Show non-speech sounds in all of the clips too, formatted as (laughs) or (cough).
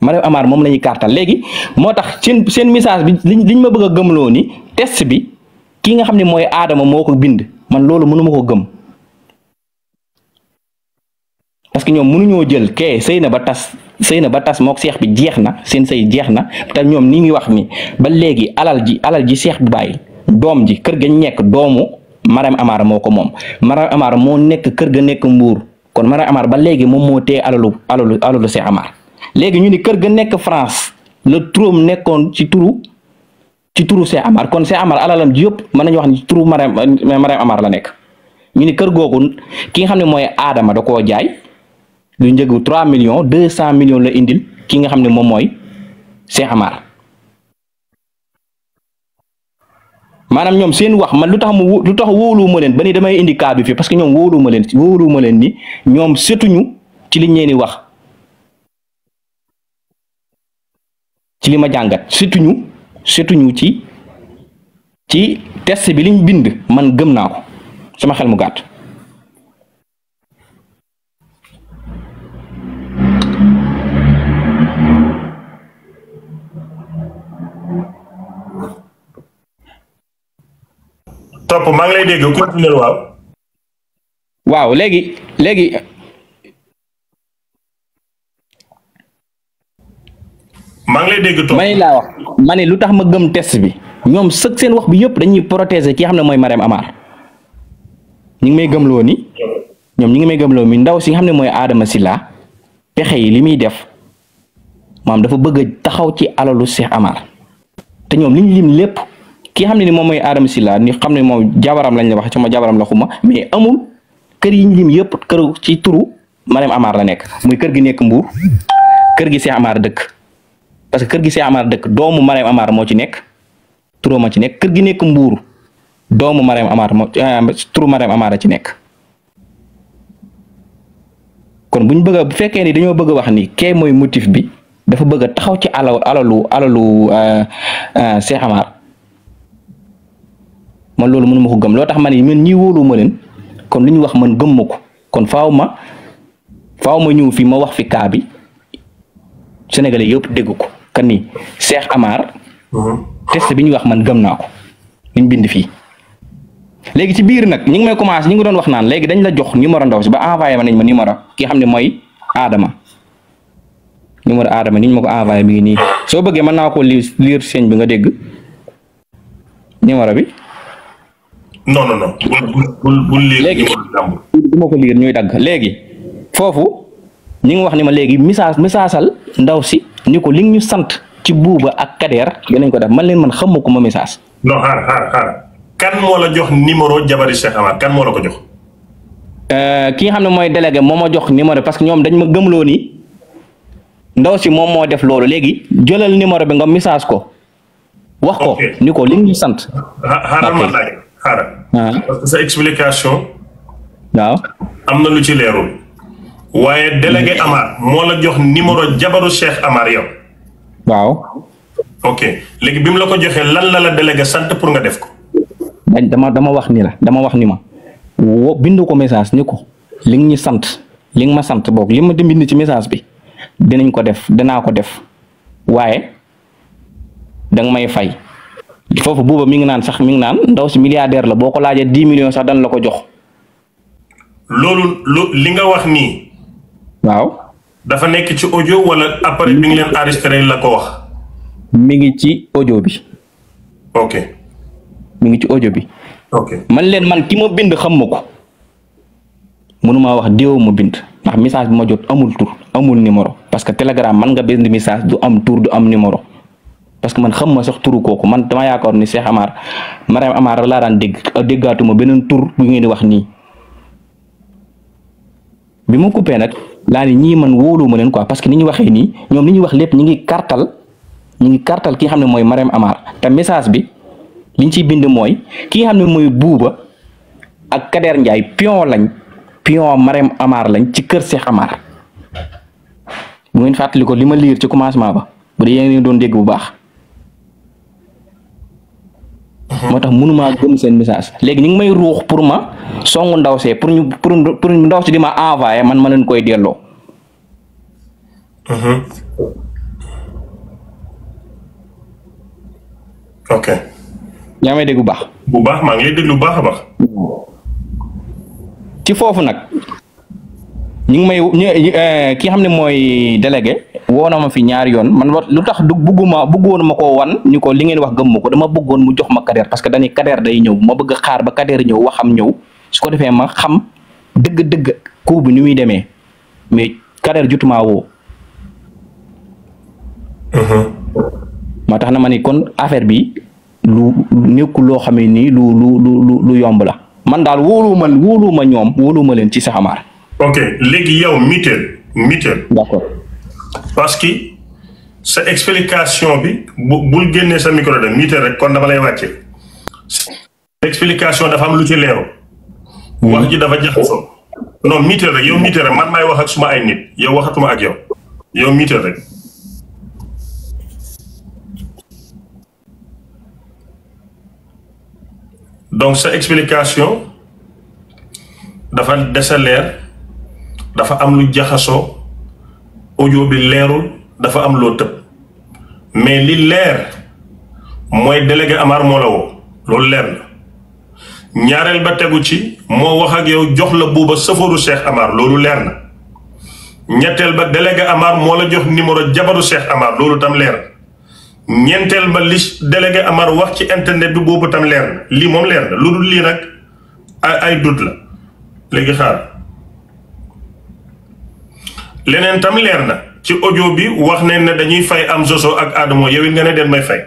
Mariam Amar moom lañuy ñuy léegi moo tax seen seen message bi liñ ma bëgg a gëmloo ni test bi ki nga xam ne mooy aadama moo ko bind man loolu mënuma ko gëm parce que ñoom mënuñoo jël kee sëy na ba tas sëy na ba tas mook seex bi jeex na seen sëy jeex na te ñoom ni ngi wax ni ba léegi alal ji alal ji seex bi bàyyi doom ji kër ga nekk doomu Mariam Amar moo ko moom Mariam Amar moo nekk kër ga nekk mbuur kon Mariam amaar ba léegi moom moo téye alalu alalu alalu Seex Amar léegi ñu ni kër ga nekk France la turam nekkoon ci turu ci turu Cheikh Amar kon Cheikh Amar alalam ji yëpp mën nañu wax ni ci turu Marème Marème Amar la nekk ñu ni kër googu ki nga xam ne mooy Adama da koo jaay lu njëgu 3 millions 200 millions la indil ki nga xam ne moom mooy Cheikh Amar maanaam ñoom seen wax man lu tax mu lu tax wóoluwuma leen ba ni damay indi cas bi parce que ñoom wóoluwuma leen wóoluwuma leen ni ñoom seetuñu ci liñ leen di wax. ci ma jàngat surtout ñu ci ci test bi liñ bind man gëm naa ko sama xel mu gàtt topp maa ngi lay dégg continuer waaw waaw léegi léegi maa ma ne laa wax ma ne lu tax ma gëm test bi ñoom sëg seen wax bi yëpp dañuy protéger ki nga xam ne mooy Marème Amar ñu ngi may gëmloo ni ñoom ñu ngi may gëmloo mi ndaw si nga xam ne mooy Adama Silla pexe yi li muy def maam dafa bëgg a taxaw ci alalu Cheikh Amar te ñoom li ñu lim lépp ki xam ne ni moom mooy Adama Silla ni xam ne moom jabaram lañ la wax sama jabaram la xuma mais amul kër yi ñu lim yëpp kër ci turu Marème Amar la nekk muy kër gi nekk Mbuur kër gi Cheikh Amar dëkk. parce que kër gi Cheikh dëkk doomu Marème Amar moo ci nekk turu ma ci nekk kër gi nekk Mbuur doomu Marème amaar moo euh, turu Marème Amar a ci nekk kon bu ñu bëgg bu fekkee ni dañoo bëgg a wax ni ke mooy motif bi dafa bëgg a taxaw ci alaw alalu alalu euh, euh, Cheikh Amar man loolu mënu ma ko gëm loo tax man ni man ñii wóolu ma leen kon lu ñu wax man gëm ko kon faaw ma faaw ma ñëw fii ma wax fi kaa bi Sénégalais yëpp dégg ko que ni Cheikh Amar. Mhm. test bi ñu wax man gëm naa ko ñu bind fi léegi ci biir nag ñu ngi may commencé ñu ngi doon wax naan léegi dañ la jox numéro ndaw si ba envoyé ma nañ ma xam ne mooy Adama numéro Adama ni ñu ma mi ngi nii soo bëggee mën naa ko lire lire sëñ bi nga dégg numéro bi. non non non bul bul bul lire léegi du ma ko lire dagg léegi foofu ñu wax ni ma léegi message ndaw si. ni ko li ñu sant ci buuba ak kadeer dinañ ko def man leen man xam ko ma message. non xaar xaar xaar kan moo la jox numéro jabari Cheikh Amar kan moo la ko jox. Euh, ki nga xam ne mooy délégué moo ma jox numéro parce que ñoom dañ ma gëmloo ni ndaw si moom moo def loolu léegi jëlal numéro bi nga message ko. wax ko ni ko li ñu sant. xaaral ma laaj xaaral. Ah. parce waaw am na lu ci leeru waaye délégué mm. Amar moo la jox numéro jabaru Cheikh Amar yow. waaw. ok léegi bi mu la ko joxee lan la la sant pour nga def ko. dañ dama dama wax ni la dama wax ni ma wo bindu ko message ni ko li nga sant li ma sant boog li ma di bind ci message bi dinañ ko def danaa ko def waaye danga may fay. foofu buuba mi ngi naan sax mi ngi naan ndaw si milliardaire la boo ko laajee dix millions sax dan la ko jox. loolu lu li wax nii. waaw. dafa nekk ci ojo wala après bi ngi leen enregistré la ko wax. mi ngi ci audio bi. ok. mi ngi ci audio bi. ok man leen man ki ma bind xam ma ko. mënumaa wax déew ma bind ndax missage bi ma jot amul tur amul numéro parce que telegram man nga bind missage du am tur du am numéro parce que man xam ma sax turu kooku man tama yaakaar ni Cheikh Amar Mariam Amar laa daan dégg ah, déggaatuma beneen tur bu ngeen ni wax nii bi ma coupé nag. laa ne ñii man wóoluwuma leen quoi parce que ni ñu waxee nii ñoom ni ñu wax lépp ñi ngi kartal ñi ngi kartal ki xam ne mooy Marème Amar te message bi liñ ciy bind mooy ki nga xam ne mooy buuba ak Kader Ndiaye pion lañ pion Marème Amar lañ ci kër Cheikh Amar bu ngeen fàttali ko li ma liir ci commencement ba bu dee yéen doon dégg bu baax moo tax mënumaa gëm seen message léegi ñu ngi may ruux pour ma songu ndaw see pour ñu pour pour ndaw si di ma envoyé man ma leen koy delloo. Mm-hmm. ok. yaa may dégg bu baax. bu baax maa ngi lay déglu bu baax a baax. ci foofu nag. ñu ngi may eh, ki nga xam ne mooy délégué woo na ma fi ñaari yoon man lu tax du bugg bëggoon ma ko wan ñu ko li ngeen wax gëm ma ko dama bëggoon mu jox ma Kader parce que dañuy Kader day ñëw ma bëgg xaar ba Kader ñëw waxam ñëw su ko defee ma xam dëgg-dëgg coup bi ni muy demee mais Kader jutuma wo uh-huh. moo tax na ma ni kon affaire bi lu nekkul loo xam ne nii lu lu yomb la man daal wóoluwuma wóoluwuma ñoom wóoluwuma leen ci saxamaar. ok léegi yow mutuel mutuel. d'accord que sa explication bi bu bul génnee sa micro de mutuel rek kon dama lay wàcce explication dafa am lu ci leeru hmm. wax ji dafa jaxasoo. non mutuel rek yow mutuel rek man maay wax ak suma ay nit yow waxatuma ak yow yow mutuel rek. donc sa explication dafa des leer. dafa am lu jaxasoo audio bi leerul dafa am loo tëb mais li leer mooy délégué Amar moo la woo loolu leer na ñaareel ba tegu ci moo wax ak yow jox la buuba sëfaru Cheikh Amar loolu leer na ñetteel ba délégué Amar moo la jox numéro jabaru seex Amar loolu tam leer na ñeenteel ba li délégué Amar wax ci internet bi boobu tam leer na lii moom leer na lu dul lii nag ay ay dut la léegi xaar leneen tam leer na ci audio bi wax ne ne dañuy fay am zozo ak Adamo yow it nga ne den may fay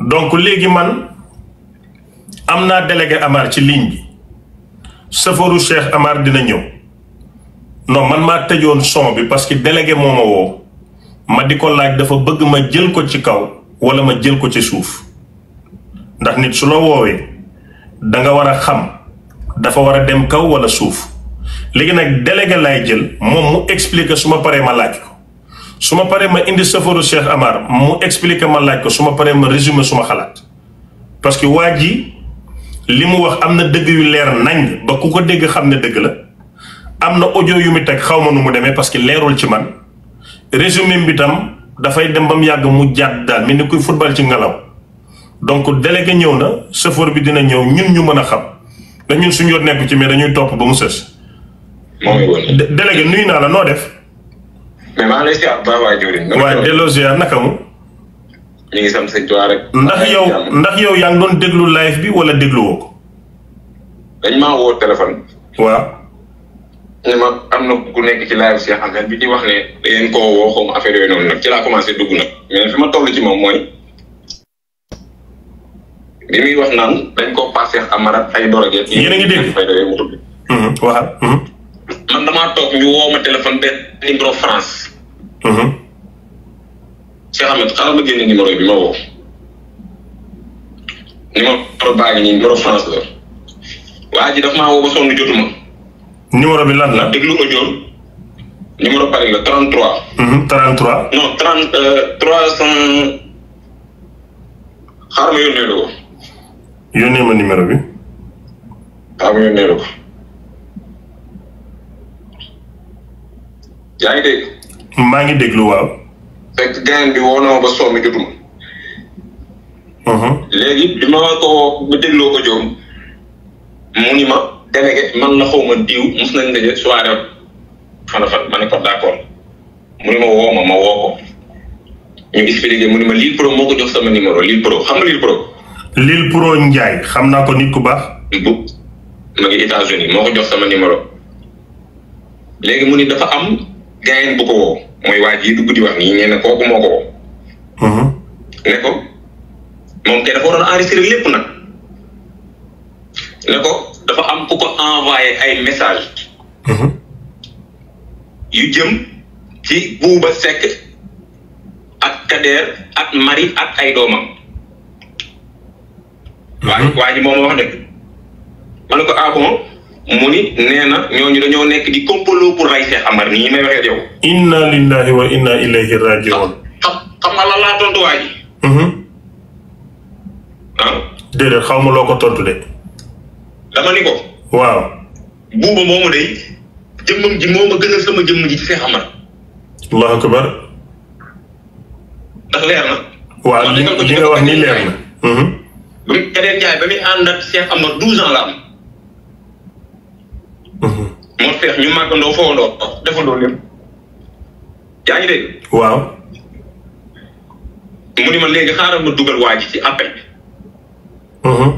donc léegi man am naa délégué Amar ci ligne bi safaru Cheikh Amar dina ñëw non man maa tëjoon son bi parce que délégué moo ma woo ma di ko laaj dafa bëgg ma jël ko ci kaw wala ma jël ko ci suuf ndax nit su la woowee da nga war a xam dafa war a dem kaw walla suuf léegi nag délégué laay jël moom mu expliquer su ma paree ma laaj ko. su ma paree ma indi safaru Cheikh Amar mu expliquer ma laaj ko su ma paree ma résumer suma xalaat parce que waa ji li mu wax am na dëgg yu leer nañ ba ku ko dégg xam ne dëgg la am na ojo yu mu teg xaw ma nu mu demee parce que leerul ci man résumé bi tam dafay dem ba mu yàgg mu jàdd daal mel ni kuy football ci ngelaw donc délégué ñëw na chauffeur bi dina ñëw ñun ñu mën a xam dañun suñ yoon nekku ci mais dañuy topp ba mu sës délégué nuyu naa la noo def mais maa ngi lay siyaar bu baax waaye jëwriñ. waaw delloo naka mu. ñu ngi sant rek. ndax yow ndax yaa ngi doon déglu live bi wala dégluwoo ko. dañ ma woo téléphone. waaw. ne ma am na ku nekk ci live Cheikh Ahmed bi di wax da ngeen koo woo xaw ma affaire yooyu ci laa commencé dugg nag mais fi ma toll ci moom mooy. bi muy wax naan dañ koo paas Amara ay a ngi dégg yéen a ngi man damaa toog ñu woo ma téléphone benn numéro France. Mhm. Cheikh Ahmed xaaral ma génne numéro bi ma woo. numéro baa ngi nii numéro France la. waa ji daf maa woo ba sonn jotuma. numéro bi lan la. déglu audio. numéro Paris la 33. 33. non 30 300. Euh, xaaral ma yónnee la ko. yónnee ma numéro bi. xaaral ma yónnee la ko. yaa ngi dégg. maa ngi déglu waaw. fekk gain bi woo na ma ba soomi jotuma. Mhm. léegi bi ma ko bu dégloo ko joom mu ni ma délégué man na xaw ma diw mos nañ daje soirée fana fan ma ne ko mu ni ma woo ma ma woo ko ñu ni ma Lille Pro moo ko jox sama numéro Lille Pro xam nga Lille Pro. Lille Pro xam naa ko nit ku baax. moo ko jox sama numéro léegi mu ni dafa am. gaayen bu woo mooy waa ji dugg di wax nii nee kooku moo mm-hmm. ko moom kay dafa waroon enregistré lépp nag ne dafa am ku ko envoyé ay message mm-hmm. yu jëm ci Bouba Seck ak Kader ak Marie ak ay doomam. waa mm-hmm. waa ji moom wax dëgg ma ne ko ah mu ni nee na ñooñu dañoo nekk di complot pour rey Cheikh Amar nii may waxee yow. inna lillahi wa inna ilayhi rajiun. xam xam nga laa tontu waa xaw ma loo ko tontu de. dama ni ko. waaw. buuba moomu de jëmmam ji moo a gënal sama jëmm ji ci Amar. allahu akbar. ndax leer na. waaw li nga wax nii leer na. bu mhm. keneen jaay ba muy ànd ak Cheikh Amar douze la am. moo feex ñu màggandoo fowandoo defandoo lépp yaa ngi dégg. waaw. mu ni ma léegi xaaral ma dugal waa ci appel bi. Mhm.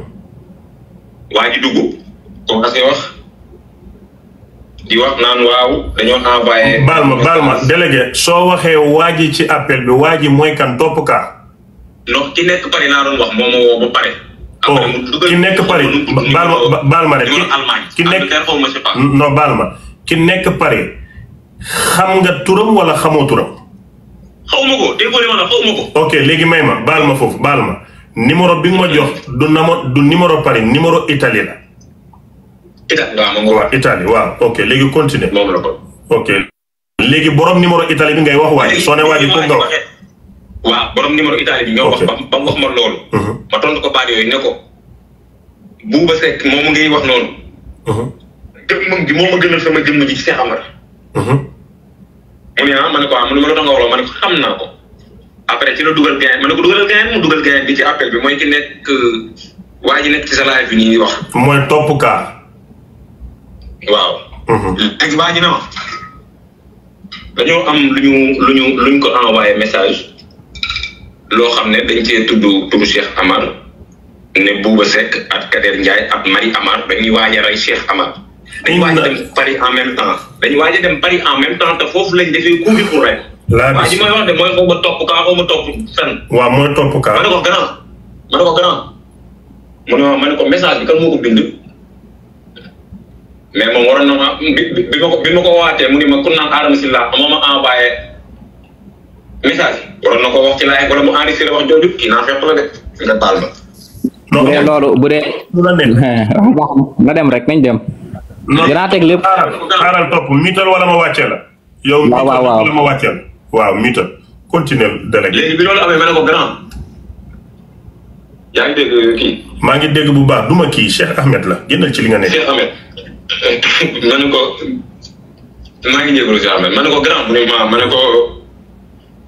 waa ji dugg. commencé wax di wax naan waaw dañoo envoyé. baal ma baal ma délégué soo waxee waa ji ci appel bi waa ji mooy kan topp kaa. ndox ki nekk pare naa doon wax moo ma woo ba pare. ki nekk Paris baal ma baal ma rek ki nekk non baal ma ki nekk Paris xam nga turam wala xamoo turam. xaw ma ko ok léegi may ma baal ma foofu baal ma numéro bi nga ma jox du namo du numéro Paris numéro Italie la. Italie waaw moom waaw Italie ok léegi continuer. moom la ko ok léegi borom numéro Italie bi ngay wax waaye soo ne bi pour nga wax. waaw borom numéro Italie bi ñoo wax ba ba mu wax ma loolu. Uh-huh. ma tontu ko baat yooyu ne ko Bouba Seck moomu ngay wax noonu. Uh-huh. jëmmam moo ma gënal sama jëmm ji ci Cheikh Amar. Uh-huh. mu ne ah ma ne ko ah man ma la xam naa ko après ci la dugal gain ma ne ko dugalal gain mu dugal bi mooy ki euh, waa ji nekk ci sa bi nii wax. mooy topp kaa. waaw. léegi waa ji na am lu lu ñu lu ñu ko envoyé message. loo xam ne dañ cee tudd turu Cheikh Amar ne Bouba Seck ak Kader Ndiaye ak Marie Amar dañ waaj a rey Cheikh Amar. dañu waaj a dem Paris en même temps dañu waaj a dem Paris en même temps te foofu ma topp kaa xaw ma grand ma message bi kan moo ko bind. mais moom waroon na ma bi ma ko bi mu ne ma ku naan aadama si laa ma ma envoyé message. waroon na ko wax ci laay wala mu wax jooju kii naa fekk la de nga baal ma. bu bu dee. na (laughs) dem rek nañ dem. dinaa teg lépp xaaral xaaral wala ma wàccee la. yow miital wala ma wàccee la. waaw miital grand. kii. maa ngi dégg bu baax du ma kii Cheikh Ahmed la a ci li nga nekk. Cheikh Ahmed (laughs) ma ne ko maa ngi déglu Cheikh Ahmed grand mu ne ma ma ne ko.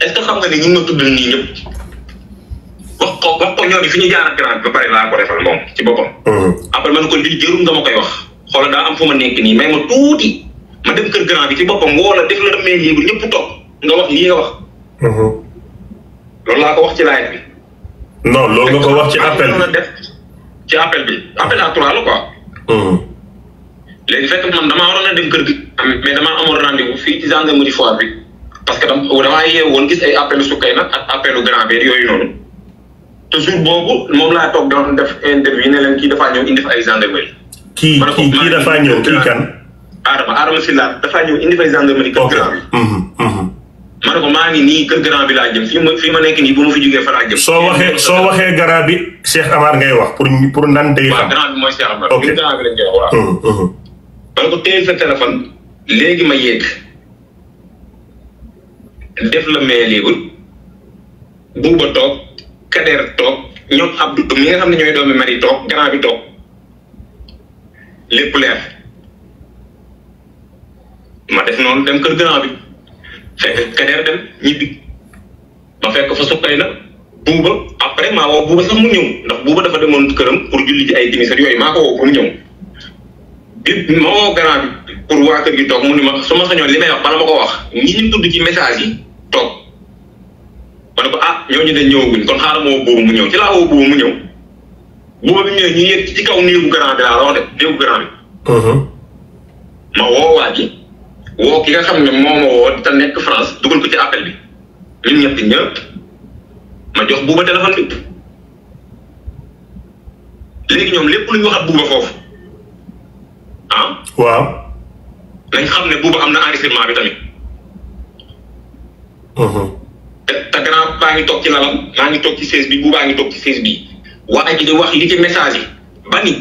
est-ce que xam nga ni ñi ma tudd nii ñëpp wax ko wax ko ñooñu fi ñu jaar ak grand ba pare moom ci boppam. Mm-hmm. après man ko lii jërum nga ma koy wax xoolal daa am fu ma nekk nii may ma tuuti ma dem kër grand bi ci boppam woo la def la demee lii ñëpp toog nga nga wax. Mm-hmm. loolu laa ko wax ci laaj bi. non loolu nga ko wax ci appel bi def ci appel bi appel à trois la quoi. Mm-hmm. léegi fekk man damaa waroon a dem kër gi. mais damaa amoon rendez-vous fii ci gendarmerie foire bi. parce que dama damaa yee woon gis ay appelu sukkay nag ak appelu grand bi yooyu noonu te jour boobu moom laa toog doon def interview kii dafaa ñëw kii kan. Adama Adama Sylla dafaa ñëw indi fa ay grand bi. Mhm, mhm. ngi nii laa jëm fii ma fii nekk nii bu ma fi jógee fa jëm. soo waxee soo waxee grand bi Cheikh Amar ngay wax pour pour nan day xam. waaw grand ok grand bi lañ koy wax mhm, ma sa téléphone léegi ma yegg. def la meeliwul buuba toog kader toog ñoom Abdou mi nga xam ne ñooy doomi mari toog grand bi toog lépp leer ma def noonu dem kër grand bi fekk kader dem ñibbi ma fekk fa sukkay na buuba après maa woo buuba sax mu ñëw ndax buuba dafa demoon këram pour julli ji ay timisar yooyu maa ko woo mu ñëw bi ma grand bi pour waa kër gi toog mu ni ma su ma sañoon li may a bala ma ko wax ñi ñu tudd ci message yi toog ma ne ko ah ñooñu de ñëwaguñ kon xaaral ma woo boobu mu ñëw ci laa woo boobu mu ñëw boobu bi mu ñu yéeg ci kaw néegu mm-hmm. ma ki nga xam ne moo ma woo te nekk France ci appel bi ñun jox buuba téléphone bi léegi ñoom lépp lu ñu waxat buuba foofu ah. waaw. nañ xam ne buuba am na enregistrement bi tamit. Uh-huh. te te grand baa ngi toog ci lalam maa ngi toog ci sees bi bu baa ngi toog ci sees bi waa ji di wax li ci message yi ba ni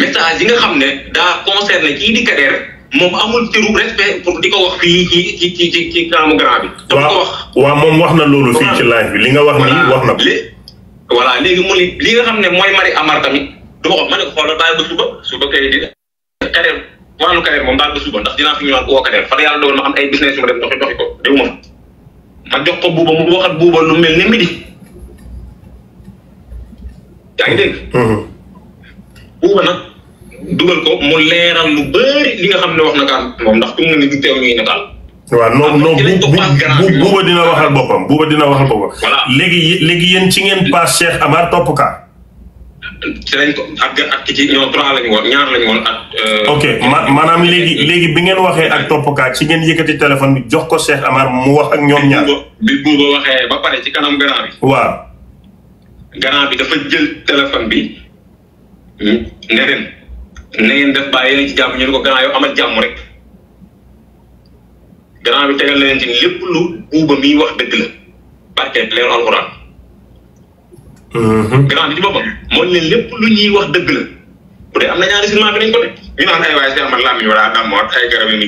message yi nga xam ne daa concerné kii di Kader moom amul ci respect pour di ko wax fii ci ci ci ci ci kanamu grand bi. te wax waaw moom wax na loolu. fii ci live bi li nga wax nii wax na ko. voilà léegi mu ni li nga xam ne mooy Marie Amar tamit du ma ko ma ne ko xoolal bàyyi ba suba suba kay di Kader wàllu Kader moom daal ba suba ndax dinaa fi ñëwaat woo nga jox ko buuba mu waxat buuba lu mel ni midi mm-hmm. Mm-hmm. buuba nag dugal ko mu leeral lu bëri li nga xam ne wax na kaan moom ndax fi mu ne du teew ñuy nataal. waaw non non buuba dina waxal boppam buuba dina waxal boppam. léegi léegi yéen ci ngeen paas Cheikh Amar topp ka ci lañ ko ak ak ci ñoom trois lañ woon ñaar lañ woon ak. Euh, ok maanaam léegi léegi bi ngeen waxee ak toppkat ci ngeen yëkkati téléphone bi jox ko Cheikh Amar mu wax ak ñoom ñaar. bi waxee ba pare ci kanam grand bi. waaw. bi dafa jël téléphone bi hmm, ne leen ngeen def bàyyi leen ci jàmm ñu ne ko grand yow amal jàmm rek grand bi tegal leen ci lépp lu buuba miy wax dëgg la barke leen alxuraan. Mhm. grand bi moo ne lépp lu ñuy wax dëgg la bu dee na ñaari silmaat bi nañ ko de ñu naan ay waaye Cheikh Ahmad laa mi wala daan moot ay garab yi mu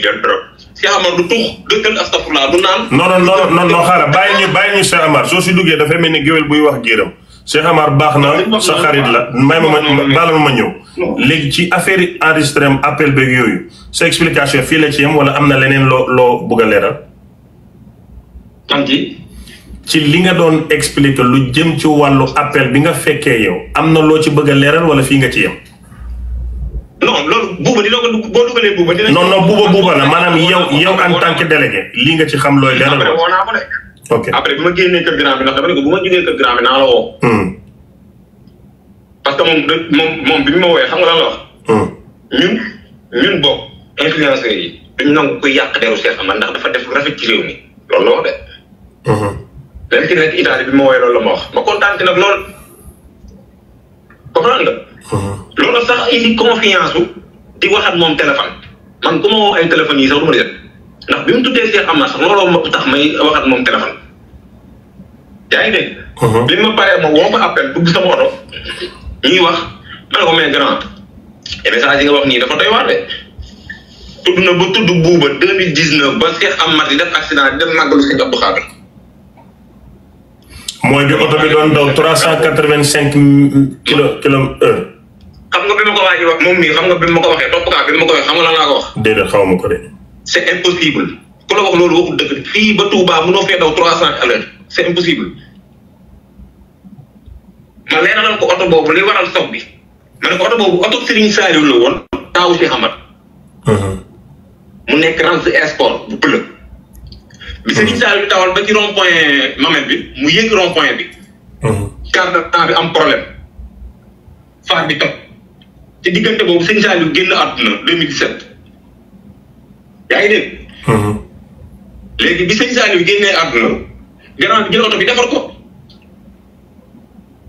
bàyyi bàyyi ñu Cheikh soo si duggee dafay mel ni géwél buy wax géram Cheikh Amar baax na sa xarit la may ma ma baalal ma ñëw léegi ci affaire enregistré appel beeg yooyu sa explication fii la ci yem wala am na leneen loo loo bëgg a ci li nga doon expliquer lu jëm ci wàllu appel bi nga fekkee yow am na loo ci bëgga a leeral wala fii nga ci yem. non loolu buuba dina ko boo dugalee buuba dina. non non buuba buuba la maanaam yow yow en tant que délégué lii nga ci xam looy leeral. ok après bi ma génnee kër grand bi ndax dama ne ko bu ma jógee kër grand bi naa la woo. Hmm. parce que moom moom moom bi ñu ma wooyee xam nga lan la wax. Hmm. ñun ñun yàq deru Cheikh Amar ndax dafa def rafet ci réew mi loolu de. Hmm. benn ki nekk Italie bi ma woowee loolu la ma wax ma kontaan ci nag lool comprendre nga. Mhm. loolu sax indi confiance su di wax ak moom téléphone man ku ma woo ay téléphone yi sax du ma jot ndax bi mu tuddee Cheikh Amar sax looloo tax may wax ak moom téléphone yaa ngi mhm. bi ma paree ma woo ko appel dugg sama oto ñuy wax man ko mais grand message yi nga wax nii dafa doy waar de. tudd na ba tudd buuba deux mille dix neuf ba Cheikh Amar di def accident di def màggalu Sëñ Abdou Khadre mooy bi oto bi doon daw trois cent quatre vingt cinq kilo kilo heure. xam nga bi ma ko waaj wax moom mii xam nga bi ma ko waxee topp kaa bi ma ko waxee wax. déedéet ko de. c' est impossible ku fii ba Touba mënoo fee daw trois cent à l'heure c' est impossible. ma ko oto boobu li waral soog bi ma ne ko boobu oto Serigne Saliou woon taawu si Amad. Uh-huh. mu nekk rance sport bu bële. bi Serigne bi tawal ba ci rond point Mamel bi mu yëg rond point bi. quart mhm. bi am problème faar bi topp ci diggante boobu Serigne Saliou génn àdduna 2017 yaa ngi dégg. Mhm. léegi bi Serigne Saliou génnee àdduna gannaaw bi jël oto bi defar ko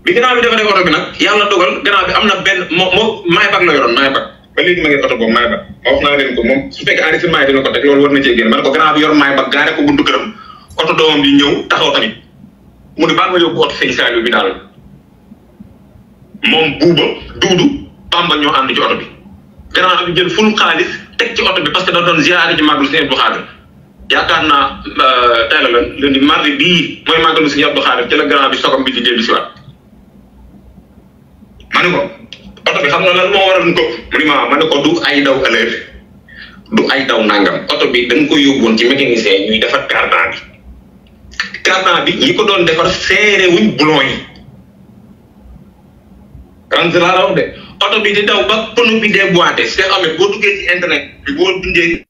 bi gannaaw bi defaree oto bi nag yàlla dogal gannaaw bi am na benn moo moo maay bag la yoroon maay bag. ba léegi ma ngi oto boobu maay ba ma wax naa leen ko moom su fekkee enregistrement yi dina ko teg loolu war na cee génn ma ne ko grand bi yor maay ba gaare oto bi ñëw mu ne baal ma yóbbu oto sëñ Saliou bi daal moom buuba duudu Bamba ànd ci oto bi grand bi jël teg ci oto bi parce que da doon ziare ci màggalu sëñ naa euh, tey la lan lundi mardi bii mooy màggalu sëñ Abdou Khadir ci la grand bi di dellu si waat ma ne ko oto bi xam na lan moo waral mu këpp mu ma ne ko du ay daw alër du ay daw nangam oto bi dañ ko yóbboon ci mécanicien ñuy defar cardan bi cardan bi ñi ko doon defar seere wuñ boulon yi kan la raw de bi di daw ba pneu bi déboîté Cheikh Ahmed boo duggee ci internet bi boo dundee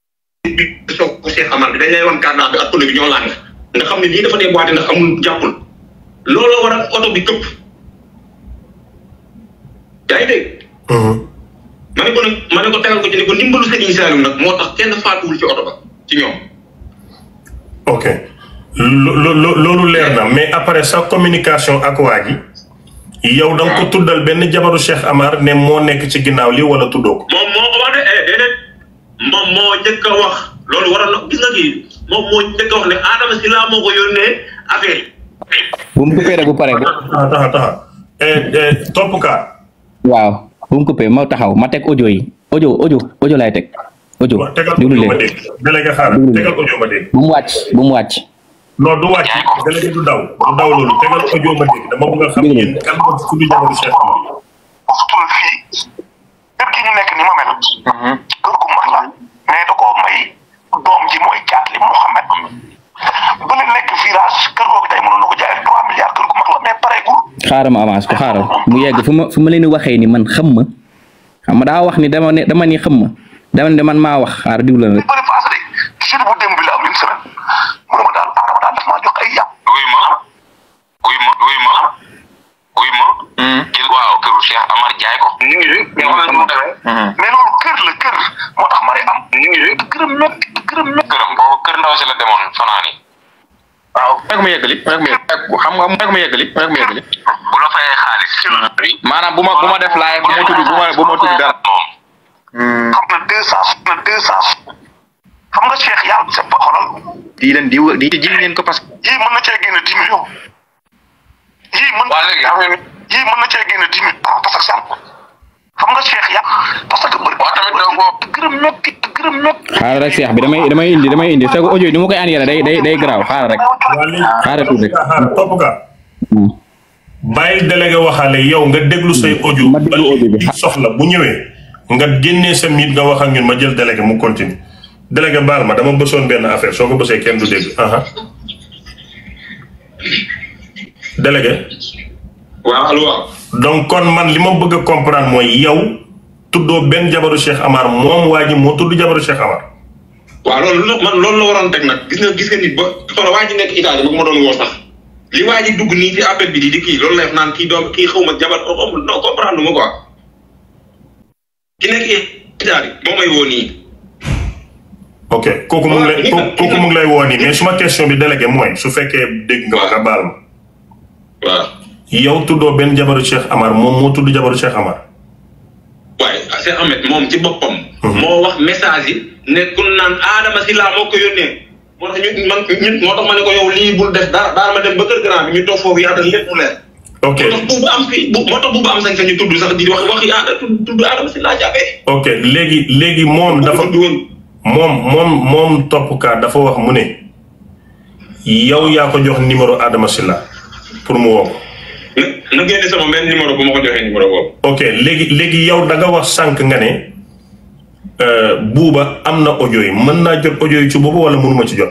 bi soog Cheikh Ahmed bi dañ lay wan cardan bi ak pneu bi ñoo làng nga xam ne lii dafa déboîté ndax amul jàppul looloo waral oto bi këpp yaa ngi dégg. Mm-hmm. ne ko nag ma ne ko tegal ko ci ne ko ndimbalu Serigne nag moo tax kenn faatuwul ci oto ba ci ñoom. ok loolu leer na mais après sa communication ak waa ji yow ko ah. tuddal benn jabaru Cheikh Amar ne moo nekk ci ginnaaw li wala tuddoo moom moo ko wax ne eh, déedéet a wax loolu na gis moom moo njëkk wax ne Adama Sylla moo ko yónnee affaire bu mu tukkee rek bu pare. Eh, eh, topp kaa waaw bu mu coupé ma taxaw ma teg audio yi audio audio audio laay teg audio. déglu leen délégué xaaral tegal audio bu mu wàcc bu mu wàcc. non du wàcc délégué du daw du daw loolu tegal a xaaral ma avance ko xaaral mu yegg fu ma fu ma leen waxee ni man xam ma xam ma daa wax ni dama ne dama ni xam ma dama ne man maa wax xaaral diw la rek. Hmm. mais loolu kër la kër moo tax mari am. ñu ngi lay gërëm métti gërëm maanaam bu ma bu ma def laay bu ma tudd bu ma bu ma tudd dara. xam na deux cent na deux cent di leen ji ngeen ko parce que. yii mën na cee génne dix millions. yii mën na cee génne yii mën na cee génne dix millions ah, parce que nga Cheikh yàlla parce que. waaw tamit doo bi damay damay indi damay indi sa audio yi ni ma koy day day day rek. xaaral tuuti bàyyil délégué waxaale yow nga déglu say hmm. audio. bi soxla bu ñëwee. nga génnee sa miit nga wax ak ma jël délégué mu continue délégué baal ma dama bësoon benn affaire soo ko bësee kenn du dégg aha délégué. waaw allo donc kon man li ma bëgg a comprendre mooy yow tuddoo benn jabaru Cheikh Amar moom waa ji moo tudd jabaru Cheikh Amar. waaw loolu man loolu la waroon teg nag gis nga gis nga nit ba xanaa waa ji nekk Italie ba ma doon woo sax. li waa ji dugg nii ci appel bi di di kii loolu la def naan kii doom kii xaw ma jabar ko xamul non comprendre lu ma quoi ki nekk état bi moo suma question bi mooy su fekkee dégg nga. nga baal ma. yow tuddoo benn jabaru Cheikh Amar moom moo tudd jabaru Cheikh Amar. waaye Cheikh Ahmed moom ci boppam. Mhm. moo wax message nekkul naan Adama si laa moo ko yónnee. moo tax man ñun ko yow lii bul def dara daal ma dem ba kër grand ñu toog foofu yaatal lépp mu leer. ok moo tax bu am fii sax di wax wax laa jàppee. ok léegi léegi moom dafa. moom moom moom toppkat dafa wax mu ne yow yaa ko jox numéro Adama Sylla pour mu woo ko. na génne sama benn numéro bu ko joxee numéro boobu. ok léegi léegi yow da nga wax sànq nga ne. Euh, buuba am na audio yi mën naa jot audio yi ci boobu wala mënuma ci jot.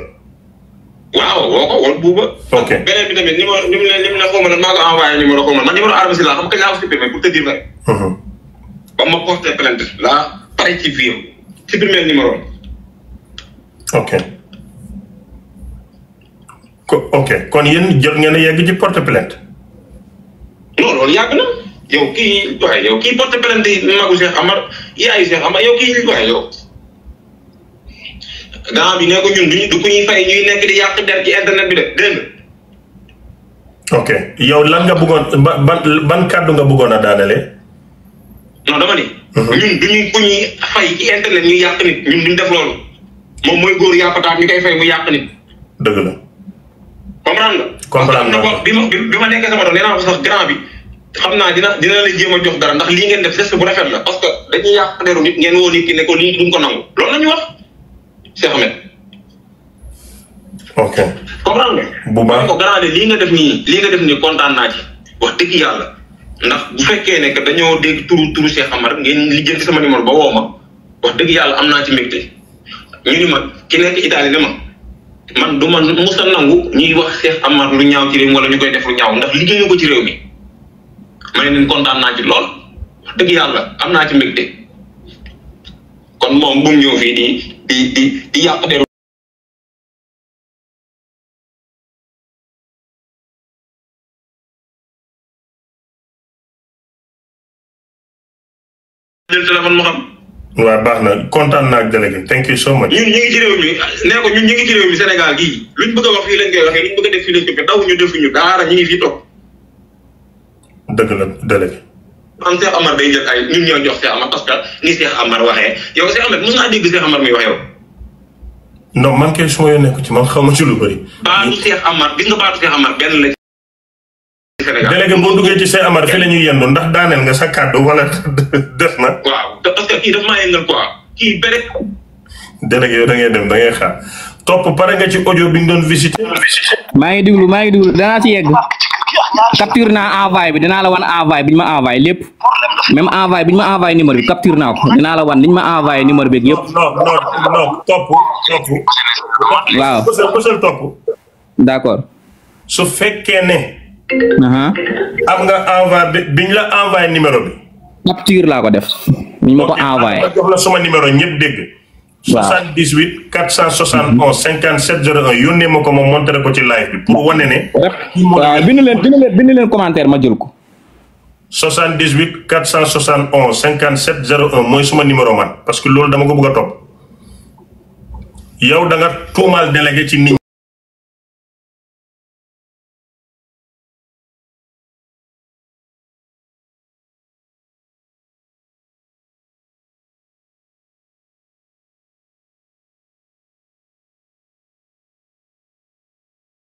waaw woo ko woon buuba. ok beneen bi tamit numéro ni mu ne ni mu ne xaw ma ne maa ko envoyé numéro xaw ma man numéro arrêté si laa xam nga ñaaw supprimé pour te dire vrai. Mhm. ba ma porté ko ok kon yéen jot ngeen a yegg ci porte plainte. non yàgg na. yow kii waaye yow kii porte plainte yi magu Cheikh Amar yaayu Cheikh Amar yow kii waaye yow gannaaw bi ne ko ñun duñu du ko ñuy fay ñuy nekk di yàq der ci internet bi de dégg ok yow lan nga bëggoon ban ban kàddu nga a daanalee. non dama ni. Mhm. ñun duñu ko ñuy fay ci internet ñuy yàq nit ñun duñ def loolu moom mooy góor yàppataat ñu koy fay mu yàq nit. dëgg la. comprendre nga. comprendre nga bi ma bi ma nekkee sama doon nee naa ko sax grand bi. xam naa dina dina la jéem a jox dara ndax lii ngeen def geste bu rafet la parce que dañuy yàq deru nit ngeen ne ko lii ko nangu loolu ñu wax Cheikh Ahmed. ok bu baax ko garaane lii nga def nii lii nga def nii kontaan naa ci wax dëgg yàlla ndax bu fekkee ne que dañoo dégg turu turu Cheikh Amar ngeen lijjanti sama numéro ba woo ma wax dëgg yàlla am naa ci mbégte ñu ni ma ki nekk Italie ne ma man du ma musa nangu ñuy wax Cheikh Amar lu ñaaw ci wala ñu koy def lu ñaaw ndax liggéey ko ci réew mi. ma ne leen kontaan naa lool wax dëgg yàlla am naa ci mbégte kon moom bu mu ñëw fii di di di di yàq téléphone mu xam waaw baax na kontaan naa ak délégué thank you so much. ñun ñu ngi ci réew mi nee ñu ngi ci réew mi Sénégal gii luñ bëgg a wax fii lañ koy a def daw ñu defuñu daara ñu ngi fii toog. dëgg la délégué. am Cheikh Amar day jël ay ñun ñoo jox Cheikh ni Cheikh Amar waxee yow Cheikh Amar mos naa dégg Cheikh Amar muy wax yow. man kay su ma yoon nekk ci man xaw ma ci lu bëri. baatu Cheikh Amar gis nga baatu Cheikh Amar benn la ci Sénégal. délégué boo duggee ci Cheikh Amar fi la ñuy yendu ndax daaneel nga sa kàddu wala (laughs) def na. waaw parce que kii dafa maa yëngal quoi kii benn. délégué yow da ngay dem da ngay xaar topp pare nga ci audio bi ñu doon visité. maa ngi déglu maa ngi déglu yegg. capture naa envoyé bi dinaa la wan envoyé bi ma envoyé lépp même envoyé bi ñu ma envoyé numéro bi capture naa ko dinaa la wan li ñu ma envoyé numéro bi yëpp. non non non topp topp. waaw bësal accord. su fekkee ne. am nga envoyé bi la envoyé numéro bi. capture laa ko def. ñu ma ko envoyé. sama numéro ñëpp dégg. waaw 78 471 57 01 yónnee ma ko ma montré ko ci live bi pour wane ne. waaw bind leen bind leen bind leen commentaire ma jël ko. 78 471 57 01 mooy suma numéro man parce que loolu dama ko bëgg a topp yow da nga tuumaal délégué ci nit